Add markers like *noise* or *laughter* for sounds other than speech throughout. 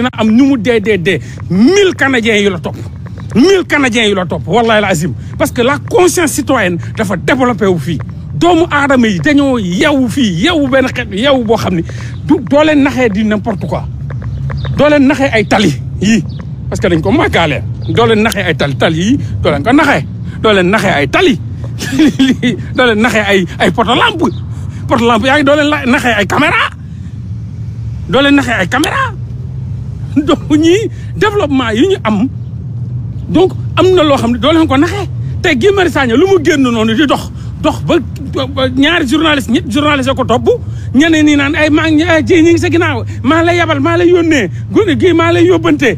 dina am ñu mu dee dee dee mille canadiens yu la topp mille canadiens yi la topp wallahi la azim parce que la conscience citoyenne dafa développé wu fii doomu aadama yi dañoo yeewu fii yeewu benn xeet yeewu boo xam ne du doo naxee di n'importe quoi doo leen naxee ay tali yii parce que dañ ko màggaalee doo leen naxee ay tali tali yii doo leen naxee doo leen naxee ay tali *laughs* doo leen naxee ay ay poto lampe poto lampe yaa ngi doo leen naxee ay caméra doo leen naxee ay caméra *laughs* donc ñii développement yi ñu am donc am na loo xam ne doo leen ko naxee tey Guy Marius Sagna lu mu génn noonu di dox dox ba ñaari journaliste ñett journaliste ko topp ñeneen ñi naan ay maa ji ñi ngi sa ginnaaw maa lay yabal maa lay yónnee gone gi maa lay yóbbante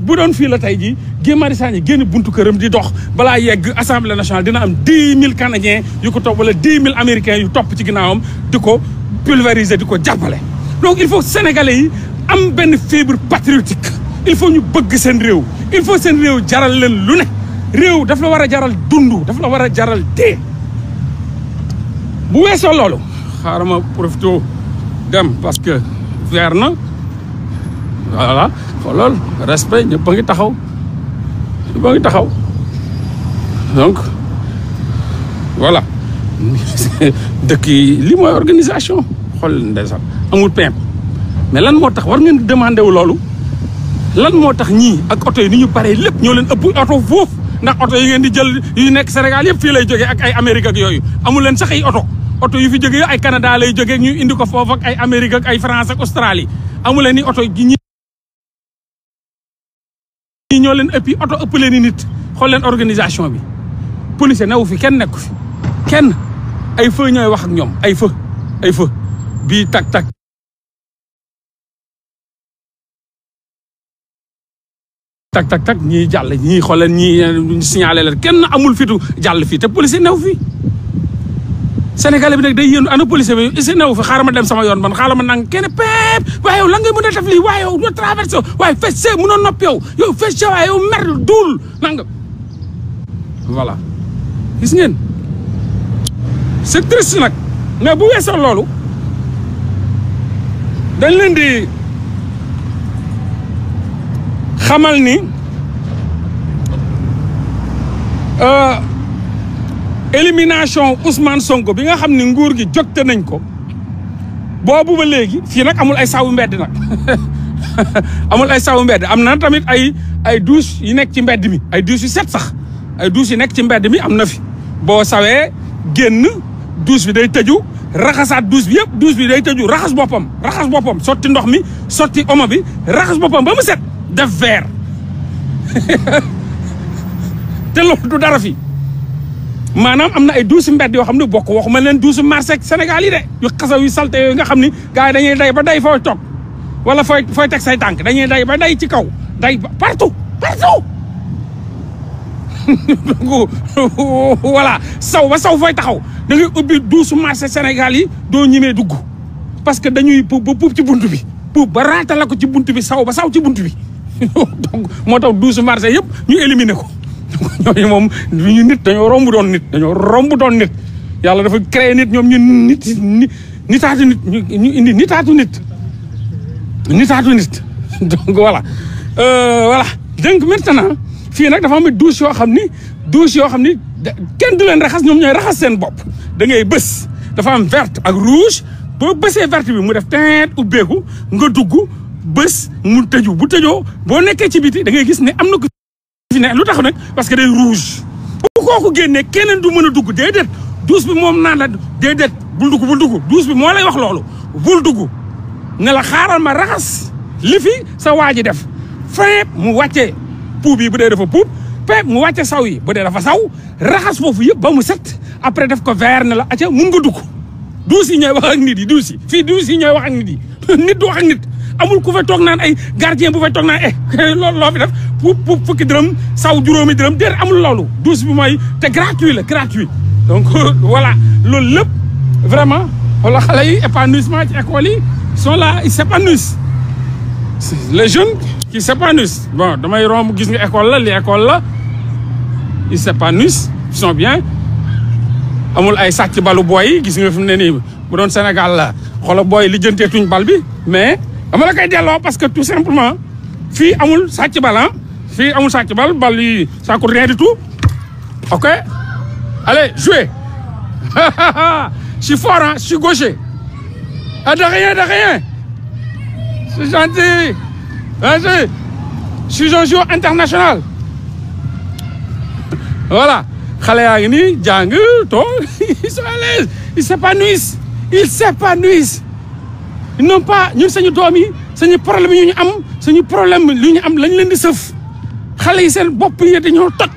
bu doon fii la tey jii Guy Marius Sagna génn buntu këram di dox balaa yegg assemblée nationale dina am dix mille canadiens yu ko topp wala dix mille américains yu topp ci am di ko pulvériser di ko jàppale donc il faut sénégalais yi am ben fibre patriotique il faut ñu bëgg seen réew il faut seen réew jaral leen lu ne réew daf la wara jaral dundu daf la wara jaral dee bu weesoo lolu xaaral ma profito dem parce que weer voilà xoolal respect ñëpp a ngi taxaw ñëpp a ngi taxaw donc voilà *laughs* dëkk yi li mooy organisation xol ndeysaan amul pimp mais lan moo tax war ngeen demandé wu loolu lan moo tax ñi ak oto yi ni ñu paree lépp ñoo leen ëpp oto foofu ndax oto yi ngeen di jël yu nekk Sénégal yëpp fii lay jógee ak ay Amérique ak yooyu amu leen sax ay oto oto yu fi jógee ay Canada lay jógee ñu indi ko foofu ak ay ak ay France ak Australie amu leen ni oto ñi ñoo leen ëppi oto ëpp leen i nit xool leen organisation bi police newu fi kenn nekku fi kenn ay feu ñooy wax ak ñoom ay feu ay feu bii tak tak tak tak tak ñii jàll ñii xooleen ñii signalé leen kenn amul fitu jàll fii te policier new fi sénégalais bi nag day yéenu ana policier bi si new fi xaaral ma dem sama yoon man xaaral ma nang kenn peep waaye yow la ngay mën a def lii waaye yow ñoo traversé waaye fecce mën a nopp yow yow fecce waaye yow mer duul nanga voilà gis ngeen c'est triste nag mais bu weesoo loolu dañ leen di xamal ni euh, élimination Ousmane Sonko bi nga xam ni nguur gi jogte nañ ko boobu ba léegi fii nag amul ay saawu mbedd nag *laughs* amul ay saawu mbedd am na tamit ay ay douche yu nekk ci mbedd mi ay douche yu set sax ay douche yu nekk ci mbedd mi am na fi boo sawee génn douche bi day tëju raxasaat douche bi yëpp douche bi day tëju raxas boppam raxas boppam sotti ndox mi sotti omo bi raxas boppam ba mu set def vert te loolu du dara fi maanaam am na ay duusi mbedd yoo xam ne bokk ma leen duusi marché Sénégal yi de yu xasaw yu salte yooyu nga xam ni gars dañuy day ba day fooy toog wala fooy fooy teg say tànk dañuy day ba day ci kaw day partout partout *laughs* voilà saw ba saw fooy taxaw da ngay ubbi duusu marché Sénégal yi doo ñimee dugg parce que dañuy puub ba puub ci bunt bi puub ba raata la ko ci bunt bi saw ba saw ci bunt bi *laughs* donc moo tax douze marché yëpp ñu éliminer ko *laughs* moom ñu nit dañoo romb doon nit dañoo romb doon nit yàlla dafa créer nit ñoom ñu nit nitaatu nit ñu indi nitaatu nit nitaatu nit *laughs* donc voilà euh, voilà donc maintenant fii nag dafa am douche yoo xam ni douche yoo xam ni kenn du leen raxas ñoom ñooy raxas seen bopp da ngay bës dafa am verte ak rouge boo bësee verte bi mu def teint ubbeeku nga dugg bus mu teju bu tejo bo nekk ci biti da ngay gis ne amna na ko fi ne lutax nak parce que day rouge bu kooku genné kenen du meuna dugg dedet douce bi mom nan la dedet bu dugg bu dugg douce bi mo lay wax lolu bu dugg ne la xaaral ma raxas li fi sa waji def feeb mu pou bi bu dafa pou mu saw yi bu dafa saw raxas fofu yeb ba mu set après def ko verne la aca mu nga dugg douce yi wax ak nit yi douce fi douce yi wax ak nit yi *laughs* nit do ak nit amul ku fa tok nan ay eh, gardien bu fa tok nan eh *laughs* loolu loo fi def pou pou fukki dërëm saw juróomi dërëm der amul loolu 12 bi mooy te gratuit la gratuit donc *laughs* voilà loolu lepp vraiment wala xalé yi épanouissement ci école yi sont là ils s'épanouissent les jeunes qui s'épanouissent bon damay romb gis nga école la li école la ils s'épanouissent ils sont bien amul ay sàcc balu booy yi gis nga fi ni ne nii bu doon Sénégal la xol boy li jënteetuñ bal bi mais je kay dello parce que tout simplement fille, amul sàcc bal hein ah. fi amul sàcc bal bal yi ça coûte rien du tout ok allez jouez *laughs* je suis fort hein, je suis gaucher ah de rien de rien c'est gentil vas-y je suis un joueur international voilà xale Agni, ngi *laughs* ils sont à l'aise ils s'épanouissent ils s'épanouissent non pas ñun sañu doom yi sañu problème yu ñu am suñu problème lu ñu am lañ leen di sëf xale yi seen bopp yi dañoo toj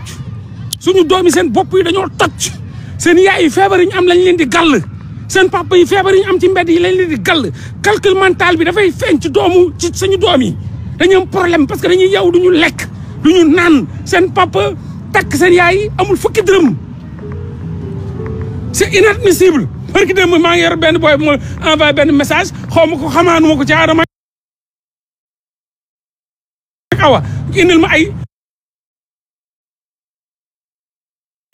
suñu doom yi seen bopp yi dañoo toj seen yaay yi feebar yi ñu am lañ leen di gàll seen papa yi feebar yi ñu am ci mbedd yi lañ leen di gàll calcul mental bi dafay feeñ ci doomu ci suñu doom yi dañu am problème parce que dañuy yow duñu lekk duñu naan seen papa takk seen yaay amul fukki dërëm c'est inadmissible barki dem ma ngi yor ben boy mo envoyer ben message xomako xamanu mako ci adama kawa indil ma ay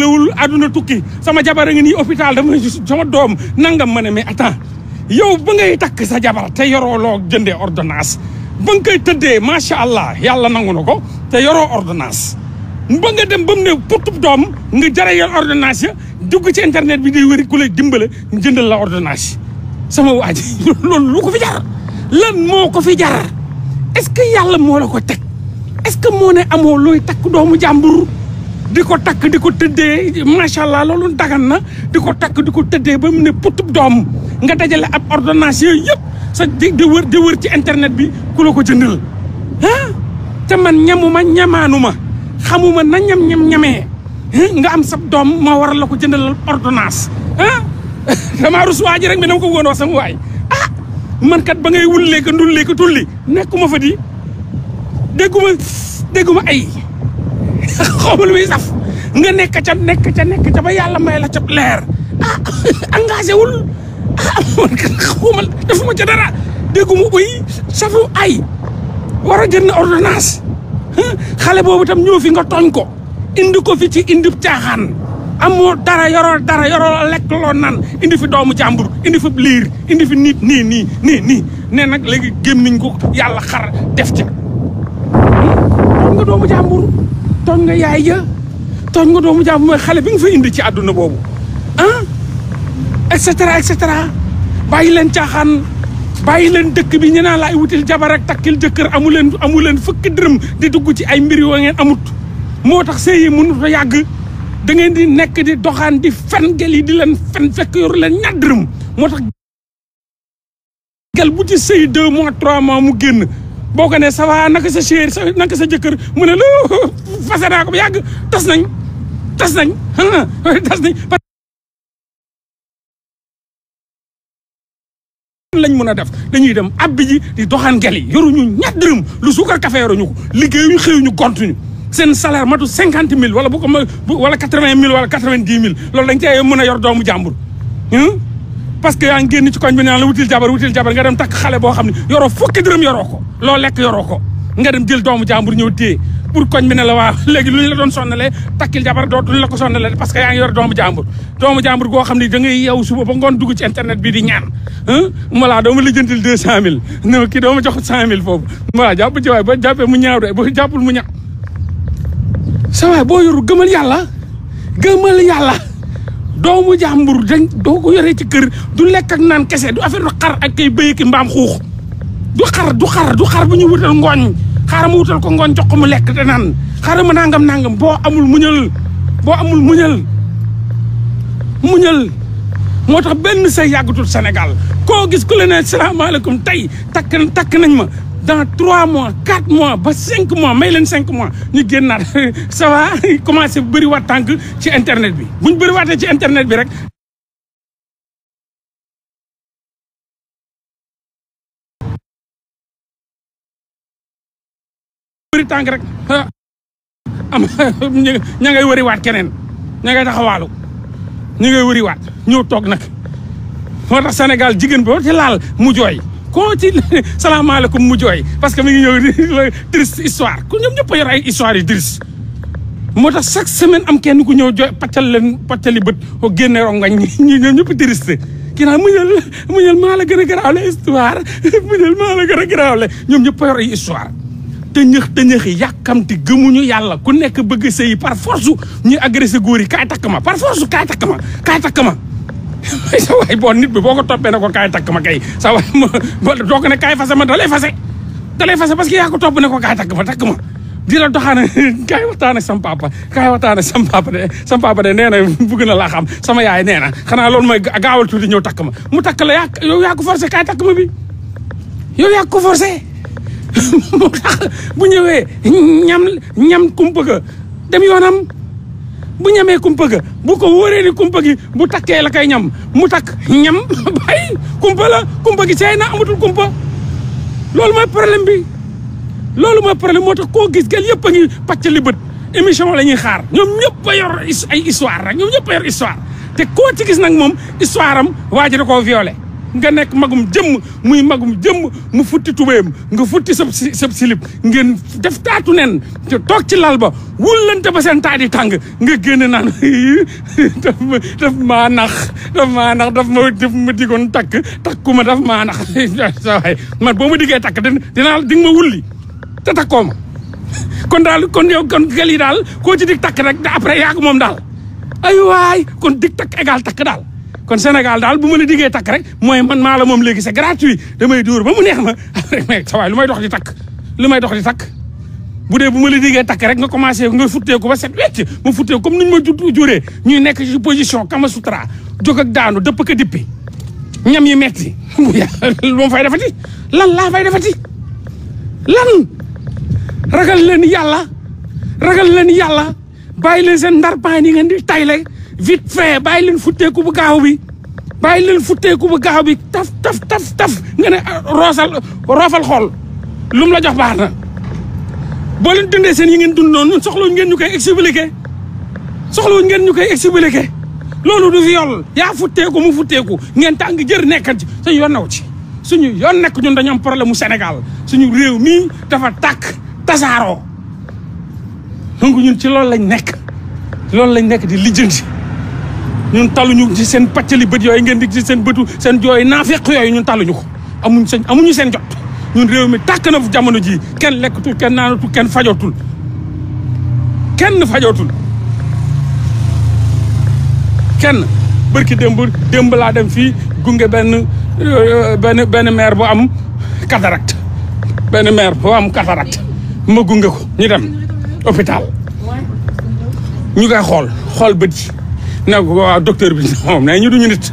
lewul aduna tukki sama jabar a ngi nii hôpital dafa ne sama dom nangam mané mais attends yow ba ngay tak sa jabar te yoro lo jëndee ordonnance ba nga koy ma sha allah yalla nangu ko te yoro ordonnance ba nga dem ba mu ne putub doom nga jare yel ordonnance ya, dugg ci internet bi di wër ku lay dimbalé ñu jëndal la ordonnance sama waji *laughs* lool lu ko fi jar lan moko fi jar est-ce que yalla mo la ko tek est-ce que mo ne amo loy tak doomu jambour di tak diko teudé ko allah loolu dagan na di tak diko teudé ba mu ne putub doom nga dajale ab ordonnance yépp sa di wër di wër ci internet bi ku la ko jëndal ah te man ñamuma ñamanuma xamuma na ñam ñam Eh, nga am sab doom moo waral la ko jëndalal ordonnance ah *laughs* damaa rus waa ji rek mais ko woon wax sama waay ah man kat ba ngay wullee ko ndullee ko tulli nekkuma fa di dégguma dégguma ay xawma lu muy saf nga nekk ca nekk ca nekk ca ba yàlla may la ca leer ah *laughs* engagé wul ah *laughs* man kat xawma defuma ca dara dégguma uy ay war a jënd ordonnance eh? xale boobu tam ñëw fi nga tooñ ko indi ko fi ci indi caaxaan amoo dara yoroo dara yoroo lekk loo nan indi fi doomu jàmbur indi fi liir indi fi nit nii nii nii nii ne nag léegi gémmiñ ko yàlla xar def ca tooñ nga doomu jàmbur tooñ nga yaay ja tooñ nga doomu jàmbur mooy xale bi nga fa indi ci àdduna boobu ah et cetera et cetera bàyyi leen caaxaan bàyyi leen dëkk bi ñu naan laay wutil jabar ak takkil jëkkër amu leen amu leen fukki dërëm di dugg ci ay mbir yoo ngeen amut moo tax sëy yi mënu yàgg da ngeen di nekk di doxaan di fen gel yi di leen fen fekk yoru leen ñàddërëm moo tax gel bu ci sëy deux mois trois mois mu génn boo ko ne ça va naka sa chéri sa naka sa jëkkër mu ne la fase naa ko ba yàgg tas nañ tas nañ ah, tas nañ lañ mën a def dañuy dem abbi ji di doxaan yi yoruñu ñàddërëm lu suukar café yoruñu ko liggéeyuñu xëyuñu gontuñu seen salaire matu cinquante mille wala bu ko wala quatre vingt mille wala quatre vingt dix mille loolu dañ cee mën a yor doomu jàmbur. Hmm? parce que yaa ngi génn ci koñ bi naan la wutil jabar wutil jabar nga dem takk xale boo xam ne yoroo fukki dërëm yoroo ko loo lekk yoroo ko nga dem jël doomu jàmbur ñëw téye pour koñ bi ne la waa léegi lu ñu la doon sonnalee takkil jabar dootuñu la ko sonnalee parce que yaa ngi yor doomu jàmbur doomu jàmbur goo xam ne da ngay yeewu suba ba hmm? jox cent mille foofu voilà jàpp ci waay ba sa waay boo yoru gëmal yàlla gëmal yàlla doomu jàmbur dañ doo ko yoree ci kër du lekk ak naan kese du affaire du xar ak kay bëy ki mbaam xuux du xar du xar du xar bu ñu wutal ngooñ xaaral ma wutal ko ngooñ jox ko mu lekk te naan xaaral ma nangam nangam boo amul muñal amul muñal moo tax benn say yàggatul senegal koo gis ku la ne salaamaaleykum tey takk takk nañ ma dans 3 mois 4 mois ba 5 mois may leen 5 mois ñu génnaat *laughs* ça va *laughs* commencé bu bëri waat ci internet bi bu ñu bëri ci internet bi rek bëri tànk rek *laughs* am ña ngay wëri waat keneen ña ngay taxawaalu ñu ngay wëri waat ñëw tok nak moo tax Sénégal jigéen ci laal mu jooy koo ci *laughs* salaamaaleykum mu jooy parce que mi ngi ñëw triste *laughs* histoire ku ñoom ñëpp yor ay histoire yu triste moo tax chaque semaine am kenn ku ñëw jooy paccal leen paccali bët oo génne rongañ *laughs* ñi ñoom ñëpp triste kii naa mu muñal maa la gën a garaawle histoire muñal maa la gën a garaawle ñoom ñëpp yor ay histoire tëñëx tëñëx yi yàkkamti gëmuñu yàlla ku nekk bëgg sëy par force ñuy agressé góor yi kaay takk ma par force kaay takk ma kaay takk ma waaye *laughs* sa waay bon nit bi boo ko toppee na ko kaay takk ma kay sa waay *laughs* ma doo ne kaay fase ma dalay fase dalay fase parce que yaa topp ne ko kaay takk ma takk doxaana *laughs* kaay waxtaan ak kaay waxtaan ak de sam de nee na bëgg xam sama yaay nee na xanaa loolu mooy gaawal tuuti ñëw takk ma mu takk la yaa yow kaay takk ma bi yow yaa ko bu ñëwee ñam kumpa ga dem yoonam bu ñamee kumpa bu ko wóoree ni gi bu takkee la koy ñam mu takk ñam *laughs* bay kumpa la kumpa gi seey na amatul kumpa loolu mooy problème bi loolu mooy problème moo tax koo gis gel yëpp a ngi li bët émission la ñuy xaar ñoom ñëpp a ay histoire rek ñoom ñëpp histoire te ko ci gis nag moom histoire am waa ji da koo nga nekk magum jëmm muy magum jëmm mu futti tubéyam nga futti sab sab silib ngeen def taatu nen te toog ci lal ba wullante ba seen taa di tàng nga génne naan *laughs* daf ma nax daf maa nax daf ma daf ma digoon takk takku ma daf maa nax *laughs* sa man boo ma diggee takk dinaa di ma wulli te takkoo kon daal kon yow kon gel daal koo ci dig takk rek après yaag moom daal ay waay kon dig takk égal takk daal kon senegal dal bu ma la diggee takk rek moy man mala mom moom c'est gratuit damay dur ba mu neex ma *laughs* rek sa way lumay dox di tak lumay dox di tak budé bu la diggee rek nga commencé nga ko ba set wecc mu futteeku comme niñ ma juré ñuy nekk ci position kama sutra jog ak daanu depp ka dippi ñam yi metti *laughs* lu ma fay defati lan la fay defati lan ragal leen yalla ragal leen yalla bàyyi leen seen ndarpaan yi ngeen di vite fait bàyyi leen futteeku bu gaaw bi bàyyi leen futteeku bu gaaw bi taf taf taf taf nga ne ah, roosal roofal xool lu la jox baax na boo leen dundee seen yi ngeen dund noonu ñun soxlawuñ ngeen ñu koy expliqué soxlawuñ ngeen ñu koy expliqué loolu du viol yaa futteeku mu futteeku ngeen ngi jër nekkat ci suñu yoon naw ci suñu yoon nekk ñun dañu am problème mu Sénégal suñu réew mii dafa tàkk tasaaroo donc ñun ci loolu lañ nekk loolu lañ nekk di lijjanti ñun ñu ci seen patali beut yoy ngeen di ci seen beutu seen joy nafiq yoy ñun talu ñu amuñ seen amuñu seen jot ñun rew mi tak na jamono ji ken lekkatul ken naanatul kenn fajotul ken fajotul ken barki demb demb la dem fi gungé ben euh, ben ben mer bu am cataract ben mer bu am cataract ma gungé ko ñu dem hôpital ñu ngay xol xol beut ne ko waaw docteur bi *laughs* moom nee ñu duñu nit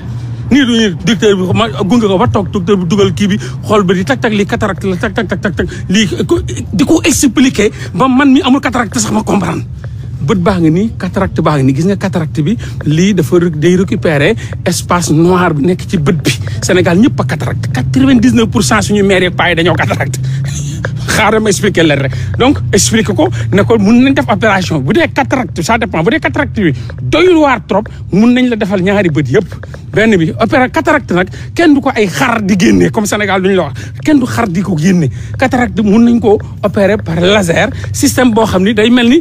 nii duñu nit docteur bi gunge ko ba toog docteur bi dugal kii bi xool ba di tak-tak lii cataracte la tak tak tak tak lii di ko expliquer ba man mi amul cataracte sax ma comprendre bët baa nga nii cataracte baa nga nii gis nga cataracte bi lii dafa day récupérer espace noir bi nekk ci bët bi Sénégal ñëpp a cataracte quatre-vingt-dix-neuf pour cent suñu maire paa yi dañoo cataracte *laughs* xaaral ma expliqué leen rek donc expliqué ko ne ko mun nañ def opération bu dee cataracte ça dépend bu dee cataracte bi doyul waar trop mun nañ la defal ñaari bët yëpp benn bi opéra cataracte nag kenn du ko ay xar di génne comme Sénégal duñ la wax kenn du xar di ko génne cataracte mun nañ ko opérer par laser système boo xam ni day mel ni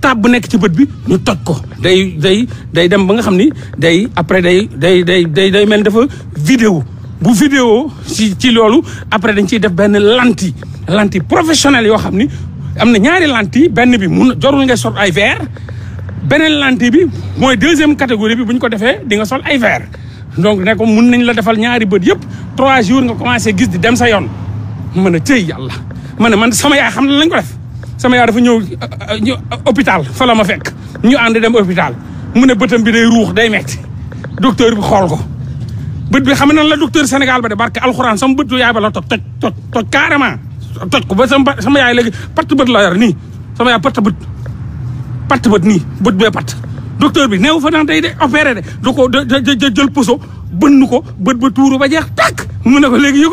taab bu nekk ci bët bi ñu toj ko. day day day dem ba nga xam ni day après day day day day day mel dafa vidéo bu vidéo ci ci loolu après dañ ciy def benn lanti lanti professionnel yoo xam ni am na ñaari lanti benn bi mun jorul ngay sol ay ver beneen lanti bi mooy deuxième catégorie bi bu ñu ko defee di nga sol ay verre donc ne ko mun nañ la defal ñaari bët yëpp trois jours nga commencé gis di dem sa yoon mën a tëy yàlla man man sama yaay xam na lañ ko def. sama yaay dafa ñëw hopital fa la ma fekk ñu ànd dem hôpital mu ne bëtam bi day ruux day metti docteur bi xool ko bët bi xam nan la docteur Sénégal ba de barke alxuraan sama bëtu yaay ba la toj toj toj carrément ba sama sama yaay léegi patt bët la yor nii sama yaay patt bët patt bët nii bët bee patt docteur bi neew fa naan day de opéré de da ko da jël poso bënn ko bët ba tuur ba jeex tàkk mu ne ko léegi